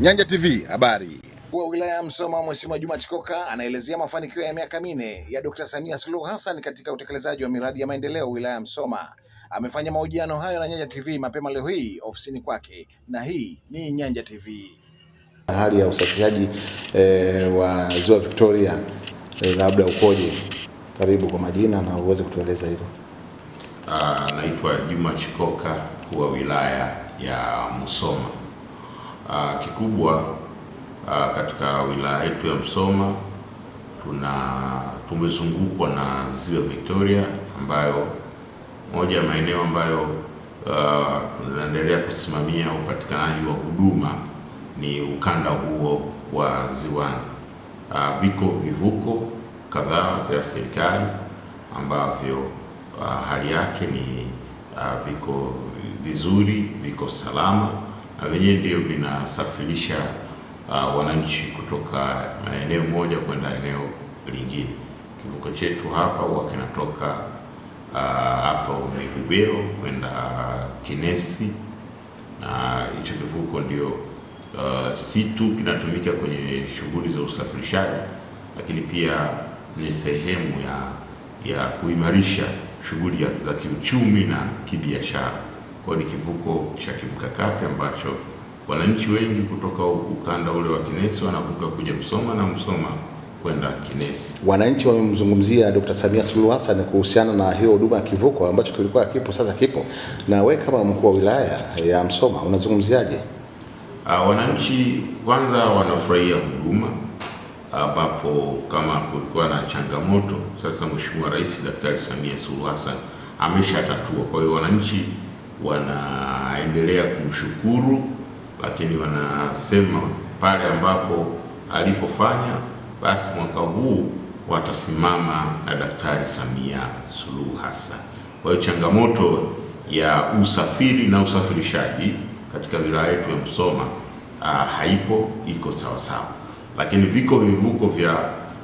Nyanja TV habari. Mkuu wa wilaya ya Msoma Mheshimiwa Juma Chikoka anaelezea mafanikio ya miaka minne ya Dr. Samia Suluhu Hassan katika utekelezaji wa miradi ya maendeleo wilaya ya Msoma. Amefanya mahojiano hayo na Nyanja TV mapema leo hii ofisini kwake, na hii ni Nyanja TV. Hali ya usafirishaji eh, wa Ziwa Victoria eh, labda ukoje? Karibu kwa majina na uweze kutueleza hilo. Uh, naitwa Juma Chikoka, kwa wa wilaya ya Msoma uh, kikubwa uh, katika wilaya yetu ya Msoma tuna tumezungukwa na ziwa Victoria, ambayo moja ya maeneo ambayo ah, tunaendelea uh, kusimamia upatikanaji wa huduma ni ukanda huo wa ziwani. Uh, viko vivuko kadhaa vya serikali ambavyo uh, hali yake ni uh, viko vizuri, viko salama na vyenyewe ndio vinasafirisha uh, wananchi kutoka eneo moja kwenda eneo lingine. Kivuko chetu hapa huwa kinatoka uh, hapa Migubero kwenda Kinesi, na hicho kivuko ndio uh, si tu kinatumika kwenye shughuli za usafirishaji, lakini pia ni sehemu ya ya kuimarisha shughuli za kiuchumi na kibiashara kwa ni kivuko cha kimkakati ambacho wananchi wengi kutoka ukanda ule wa Kinesi wanavuka kuja Msoma na Msoma kwenda Kinesi. Wananchi wamemzungumzia Dr. Samia Suluhu Hassan kuhusiana na hiyo huduma ya kivuko ambacho kilikuwa kipo sasa kipo. Na we kama mkuu wa wilaya ya Msoma unazungumziaje? Uh, wananchi kwanza wanafurahia huduma ambapo kama kulikuwa na changamoto, sasa Mheshimiwa Rais Daktari Samia Suluhu Hassan ameshatatua. Kwa hiyo wananchi wanaendelea kumshukuru, lakini wanasema pale ambapo alipofanya basi mwaka huu watasimama na Daktari Samia Suluhu Hassan. Kwa hiyo changamoto ya usafiri na usafirishaji katika wilaya yetu ya Musoma ah, haipo, iko sawa sawa, lakini viko vivuko vya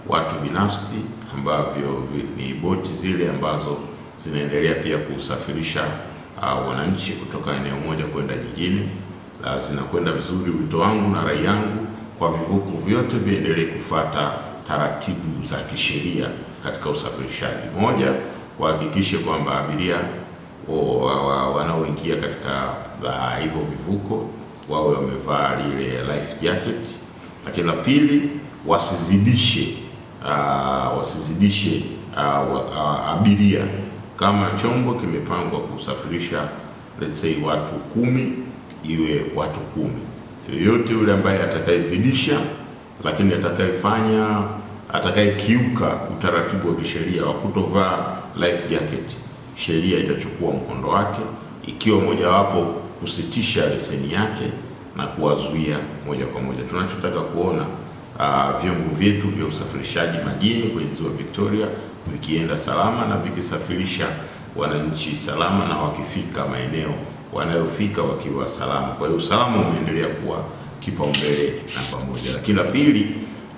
watu binafsi ambavyo ni boti zile ambazo zinaendelea pia kusafirisha uh, wananchi kutoka eneo moja kwenda jingine. Uh, zinakwenda vizuri. Wito wangu na rai yangu kwa vivuko vyote viendelee kufata taratibu za kisheria katika usafirishaji. Moja, wahakikishe kwamba abiria wanaoingia katika ah, hivyo vivuko wawe wamevaa lile life jacket, lakini la pili wasizidishe, uh, wasizidishe uh, uh, abiria kama chombo kimepangwa kusafirisha let's say watu kumi, iwe watu kumi. Yoyote yule ambaye atakayezidisha, lakini atakayefanya, atakayekiuka utaratibu wa kisheria wa kutovaa life jacket, sheria itachukua mkondo wake, ikiwa mojawapo kusitisha leseni yake na kuwazuia moja kwa moja. Tunachotaka kuona uh, vyombo vyetu vya usafirishaji majini kwenye ziwa Victoria vikienda salama na vikisafirisha wananchi salama na wakifika maeneo wanayofika wakiwa salama. Kwa hiyo usalama umeendelea kuwa kipaumbele na pamoja. Lakini la pili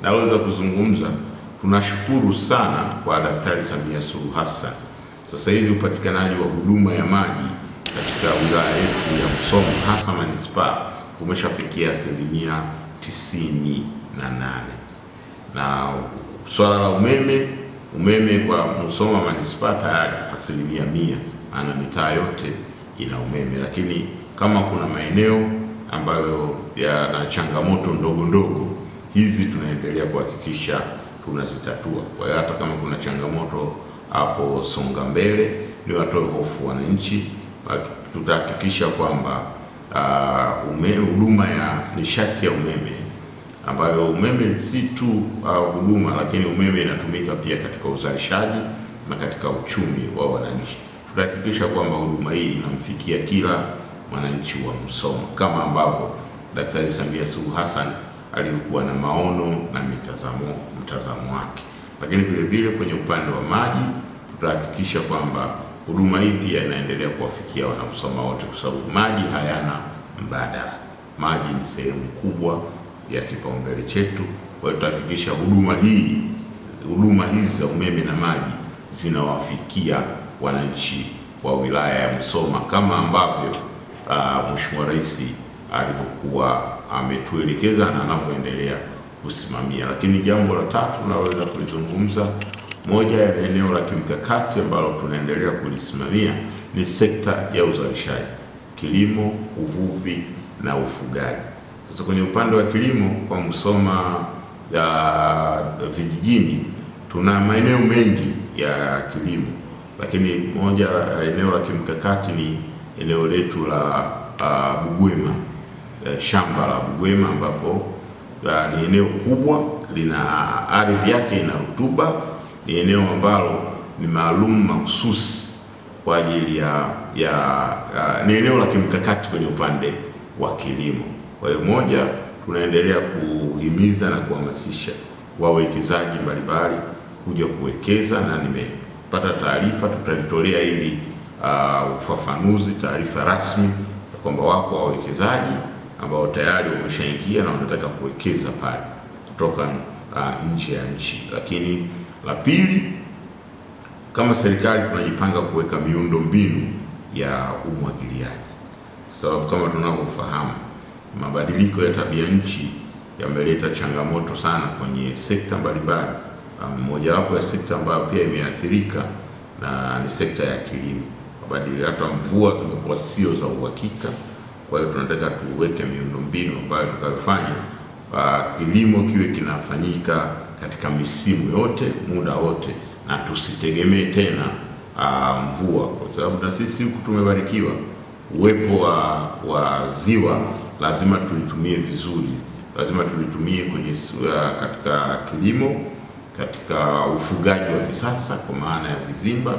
naweza kuzungumza, tunashukuru sana kwa Daktari Samia Suluhu Hassan. Sasa hivi upatikanaji wa huduma ya maji katika wilaya yetu ya Musoma hasa manispaa umeshafikia asilimia tisini na nane na swala la umeme Umeme kwa Musoma manispaa tayari asilimia mia ana mitaa yote ina umeme, lakini kama kuna maeneo ambayo yana changamoto ndogo ndogo hizi tunaendelea kuhakikisha tunazitatua. Kwa hiyo hata kama kuna changamoto hapo Songa Mbele, ni watoe hofu wananchi, tutahakikisha kwamba ah, huduma uh, ya nishati ya umeme ambayo umeme si tu uh, huduma uh, lakini umeme inatumika pia katika uzalishaji na katika uchumi wa wananchi. Tutahakikisha kwamba huduma hii inamfikia kila mwananchi wa Musoma kama ambavyo Daktari Samia Suluhu Hassan alivyokuwa na maono na mitazamo mtazamo wake. Lakini vile vile kwenye upande wa maji tutahakikisha kwamba huduma hii pia inaendelea kuwafikia wanamsoma wote, kwa sababu maji hayana mbadala. Maji ni sehemu kubwa ya kipaumbele chetu. Kwa hiyo tutahakikisha huduma hii huduma hizi za umeme na maji zinawafikia wananchi wa wilaya ya Musoma kama ambavyo uh, Mheshimiwa Rais alivyokuwa ametuelekeza na anavyoendelea kusimamia. Lakini jambo la tatu tunaloweza kulizungumza, moja ya eneo la kimkakati ambalo tunaendelea kulisimamia ni sekta ya uzalishaji, kilimo, uvuvi na ufugaji. Sasa kwenye upande wa kilimo kwa Musoma ya vijijini tuna maeneo mengi ya kilimo, lakini moja la eneo la kimkakati ni eneo letu la uh, Bugwema uh, shamba la Bugwema ambapo uh, ni eneo kubwa, lina ardhi yake ina rutuba, ni eneo ambalo ni maalum mahususi kwa ajili ya, ya uh, ni eneo la kimkakati kwenye upande wa kilimo. Kwa hiyo moja, tunaendelea kuhimiza na kuhamasisha wawekezaji mbalimbali kuja kuwekeza, na nimepata taarifa, tutalitolea ili uh, ufafanuzi, taarifa rasmi ya kwamba wako wawekezaji ambao tayari wameshaingia na wanataka kuwekeza pale kutoka uh, nje ya nchi. Lakini la pili, kama serikali tunajipanga kuweka miundo mbinu ya umwagiliaji, kwa sababu kama tunavyofahamu mabadiliko ya tabia nchi yameleta changamoto sana kwenye sekta mbalimbali. Ah, mojawapo ya sekta ambayo pia imeathirika na ni sekta ya kilimo. Mabadiliko hata mvua zimekuwa sio za uhakika, kwa hiyo tunataka tuweke miundombinu ambayo tukafanya ah, kilimo kiwe kinafanyika katika misimu yote muda wote, na tusitegemee tena ah, mvua, kwa sababu na sisi huku tumebarikiwa uwepo wa, wa ziwa lazima tulitumie vizuri, lazima tulitumie kwenye uh, katika kilimo, katika ufugaji wa kisasa kwa maana ya vizimba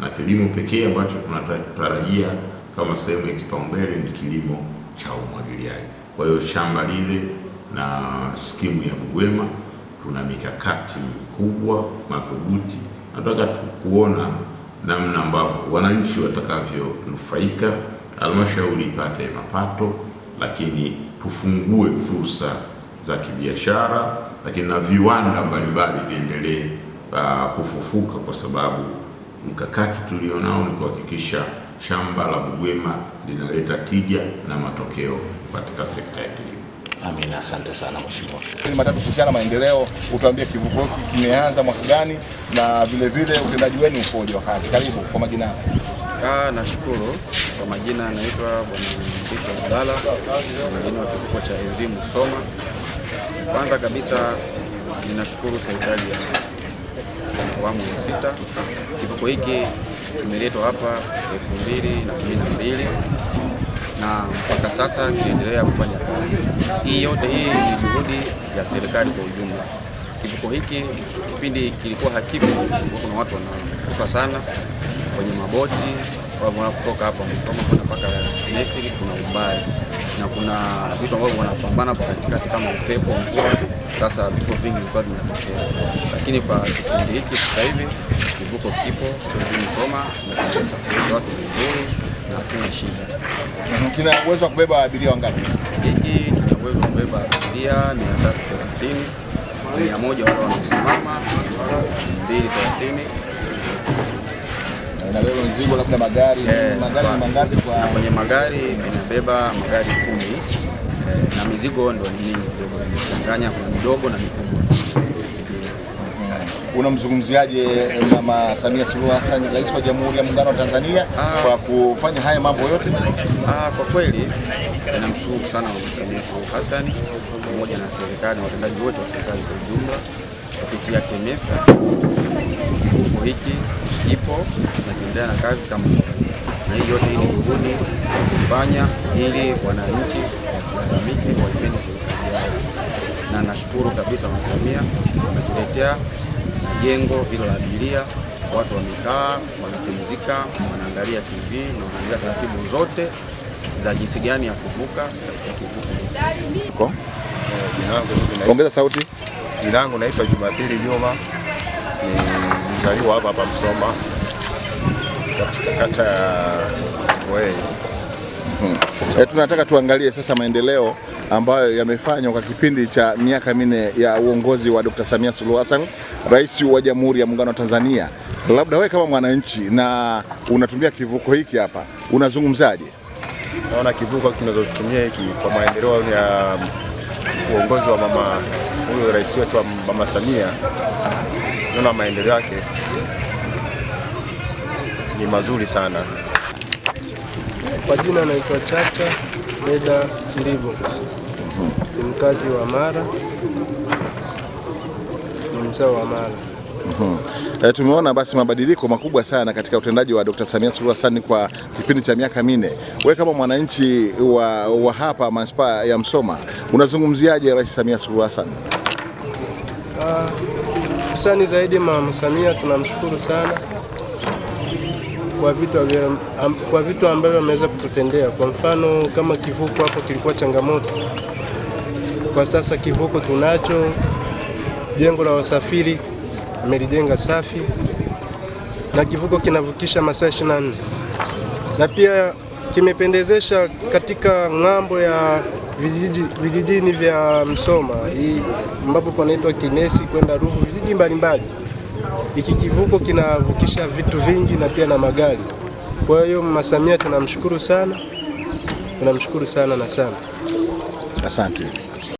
na kilimo pekee ambacho tunatarajia kama sehemu ya kipaumbele ni kilimo cha umwagiliaji. Kwa hiyo shamba lile na skimu ya Bugwema tuna mikakati mikubwa madhubuti, nataka kuona namna ambavyo wananchi watakavyonufaika, halmashauri ipate mapato lakini tufungue fursa za kibiashara, lakini na viwanda mbalimbali viendelee uh, kufufuka kwa sababu mkakati tulionao ni kuhakikisha shamba la Bugwema linaleta tija na matokeo katika sekta ya kilimo. Amina, asante sana mheshimiwa. Matatu kuhusiana maendeleo, utuambie kivuko kimeanza mwaka gani na vilevile utendaji wenu ukoje wakati? Karibu kwa majina yako. Ah, nashukuru. Kwa majina anaitwa Bwana Mrisho Abdalla, mwingine wa kituo cha elimu Soma. Kwanza kabisa ninashukuru serikali ya awamu ya sita. Kivuko hiki kimeletwa hapa 2012 na na mpaka sasa kinaendelea kufanya kazi. Hii yote hii ni juhudi ya serikali kwa ujumla. Kivuko hiki kipindi kilikuwa hakipo, kuna watu wanakufa sana kwenye maboti kutoka hapa Musoma kuna mpaka Misri, kuna umbali na kuna vitu ambavyo wanapambana kwa katikati kama upepo, mvua. Sasa vifo vingi vilikuwa vinatokea, lakini kwa kipindi hiki sasa hivi kivuko kipo Musoma na tunasafirisha watu vizuri na hatuna shida. Kina uwezo wa kubeba abiria wangapi? Hiki kina uwezo wa kubeba abiria tatu 330, 100 wale wanasimama 230 inabeba mizigo labda magari eh, magari kwa, mangapi kwa... kwenye magari inabeba magari kumi eh, na mizigo ndo ni mingi kidogo, inachanganya kuna midogo na mikubwa. Mm. Unamzungumziaje eh, Mama Samia Suluhu Hassan, Rais wa Jamhuri ya Muungano wa Tanzania ah, kwa kufanya haya mambo yote? Ah, kwa kweli namshukuru sana Mama Samia Suluhu Hassan pamoja na serikali na watendaji wote wa serikali kwa ujumla kupitia TEMESA kifuko hiki ipo na kiendelea na kazi kama na hii yote, ni juhudi kufanya ili wananchi wasilalamike, waipende serikali yao, na nashukuru kabisa Mama Samia ametuletea jengo hilo la abiria. Watu wamekaa wanapumzika, wanaangalia TV na wanaangalia taratibu zote za jinsi gani ya kuvuka katika kivuko. Ongeza sauti. Jina langu naitwa Jumapili Juma ni nimezaliwa hapa hapa Msoma katika kata ya Ngwei. Hmm. E, tunataka tuangalie sasa maendeleo ambayo yamefanywa kwa kipindi cha miaka minne ya uongozi wa Dr. Samia Suluhu Hassan, Rais wa Jamhuri ya Muungano wa Tanzania. Labda wewe kama mwananchi na unatumia kivuko hiki hapa unazungumzaje? Naona kivuko kinazotumia hiki kwa maendeleo ya uongozi wa mama huyo rais wetu wa mama Samia naona maendeleo yake ni mazuri sana. Kwa jina naitwa Chacha Beda Kilibo, ni mkazi wa Mara, ni mzao wa Mara. Mm E, tumeona basi mabadiliko makubwa sana katika utendaji wa Dr. Samia Suluhu Hassan kwa kipindi cha miaka minne. Wewe kama mwananchi wa, wa hapa manispaa ya Msoma unazungumziaje Rais Samia Suluhu Hassan? Ah, hususani zaidi Mama Samia tunamshukuru sana kwa vitu, kwa vitu ambavyo ameweza kututendea. Kwa mfano kama kivuko hapo kilikuwa changamoto, kwa sasa kivuko tunacho, jengo la wasafiri amelijenga safi, na kivuko kinavukisha masaa 24 na pia kimependezesha katika ng'ambo ya vijijini vya Msoma hii ambapo panaitwa Kinesi kwenda Ruvu vijiji mbalimbali. Hiki kivuko kinavukisha vitu vingi na pia na magari. Kwa hiyo Mama Samia tunamshukuru sana, tunamshukuru sana na sana, asante.